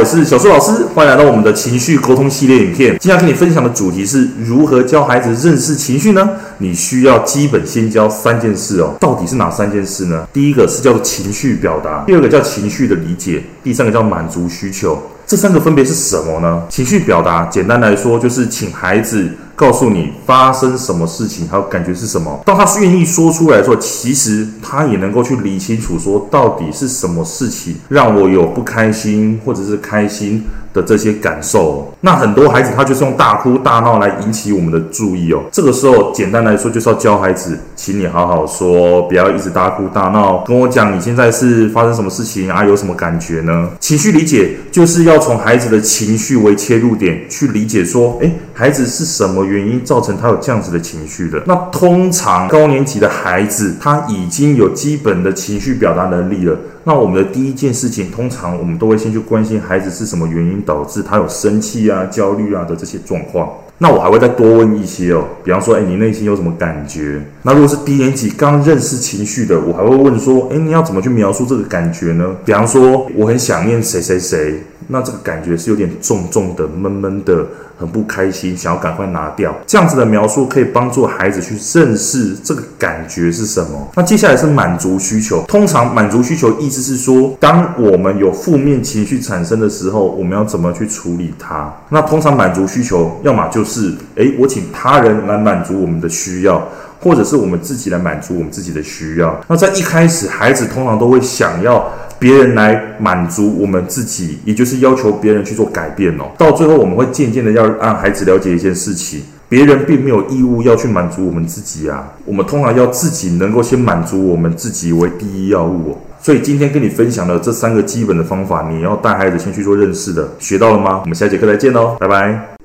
我是小樹老師，歡迎來到我們的情緒溝通系列影片。今天要跟你分享的主題是如何教孩子認識情緒呢？你需要基本先教三件事哦。到底是哪三件事呢？第一個是叫做情緒表達，第二個叫情緒的理解，第三個叫滿足需求。這三個分別是什麼呢？情緒表達，簡單來說就是請孩子告訴你發生什麼事情，還有感覺是什麼。當他願意說出來的時候，其實他也能夠去理清楚，說到底是什麼事情讓我有不開心或者是開心的這些感受。那很多孩子他就是用大哭大鬧來引起我們的注意哦。這個時候，簡單來說就是要教孩子，請你好好說，不要一直大哭大鬧，跟我講你現在是發生什麼事情啊？有什麼感覺呢？情緒理解就是要從孩子的情緒為切入點去理解，說，哎，孩子是什麼？原因造成他有這樣子的情緒的。那通常高年級的孩子，他已經有基本的情緒表達能力了。那我們的第一件事情，通常我們都會先去關心孩子是什麼原因導致他有生氣啊、焦慮啊的這些狀況。那我還會再多問一些哦，比方說，欸，你內心有什麼感覺？那如果是低年級剛認識情緒的，我還會問說，欸，你要怎麼去描述這個感覺呢？比方說，我很想念誰誰誰，那這個感覺是有點重重的、悶悶的，很不開心，想要趕快拿。這樣子的描述可以幫助孩子去認識這個感覺是什麼。那接下來是滿足需求，通常滿足需求意思是說，當我們有負面情緒產生的時候，我們要怎麼去處理它？那通常滿足需求，要麼就是，哎、欸，我請他人來滿足我們的需要。或者是我們自己來滿足我們自己的需要。那在一開始，孩子通常都會想要別人來滿足我們自己，也就是要求別人去做改變哦。到最後，我們會漸漸的要讓孩子了解一件事情：別人並沒有義務要去滿足我們自己啊。我們通常要自己能夠先滿足我們自己為第一要務哦。所以今天跟你分享的這三個基本的方法，你要帶孩子先去做認識的，學到了嗎？我們下節課再見嘍，拜拜。